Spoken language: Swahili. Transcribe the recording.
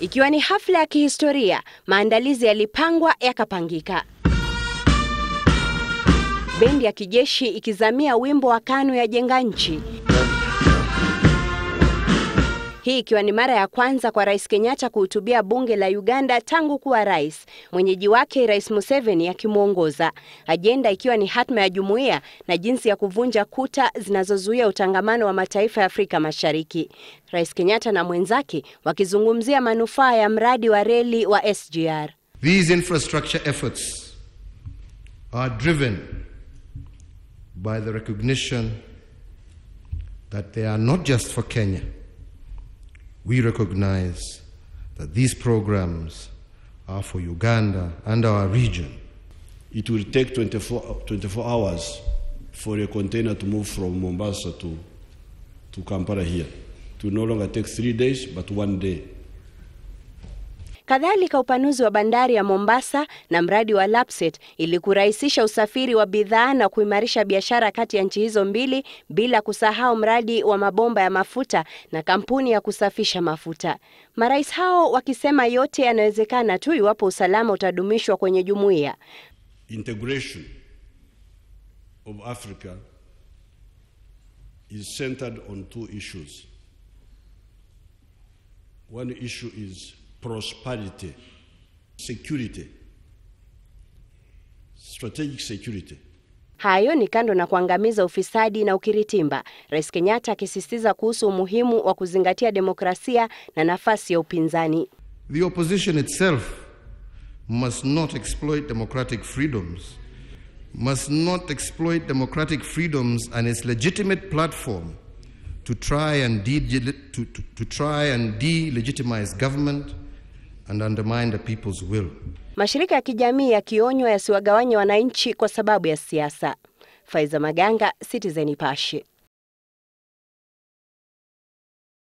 Ikiwa ni hafla ya kihistoria, maandalizi yalipangwa yakapangika. Bendi ya kijeshi ikizamia wimbo wa KANU ya jenga nchi hii ikiwa ni mara ya kwanza kwa Rais Kenyatta kuhutubia bunge la Uganda tangu kuwa rais, mwenyeji wake Rais Museveni akimwongoza, ajenda ikiwa ni hatma ya jumuiya na jinsi ya kuvunja kuta zinazozuia utangamano wa mataifa ya Afrika Mashariki. Rais Kenyatta na mwenzake wakizungumzia manufaa ya mradi wa reli wa SGR. These infrastructure efforts are driven by the recognition that they are not just for Kenya We recognize that these programs are for Uganda and our region. It will take 24, 24 hours for a container to move from Mombasa to, to Kampala here. It will no longer take three days, but one day. Kadhalika, upanuzi wa bandari ya Mombasa na mradi wa Lapset ili kurahisisha usafiri wa bidhaa na kuimarisha biashara kati ya nchi hizo mbili, bila kusahau mradi wa mabomba ya mafuta na kampuni ya kusafisha mafuta. Marais hao wakisema yote yanawezekana tu iwapo usalama utadumishwa kwenye jumuiya. Integration of Africa is centered on two issues. One issue is prosperity, security, strategic security. Hayo ni kando na kuangamiza ufisadi na ukiritimba. Rais Kenyatta akisisitiza kuhusu umuhimu wa kuzingatia demokrasia na nafasi ya upinzani. The opposition itself must not exploit democratic freedoms must not exploit democratic freedoms and its legitimate platform to try and, de- to, to, to try and delegitimize government and undermine the people's will. Mashirika ya kijamii yakionywa yasiwagawanye wananchi kwa sababu ya siasa. Faiza Maganga, Citizen Nipashe.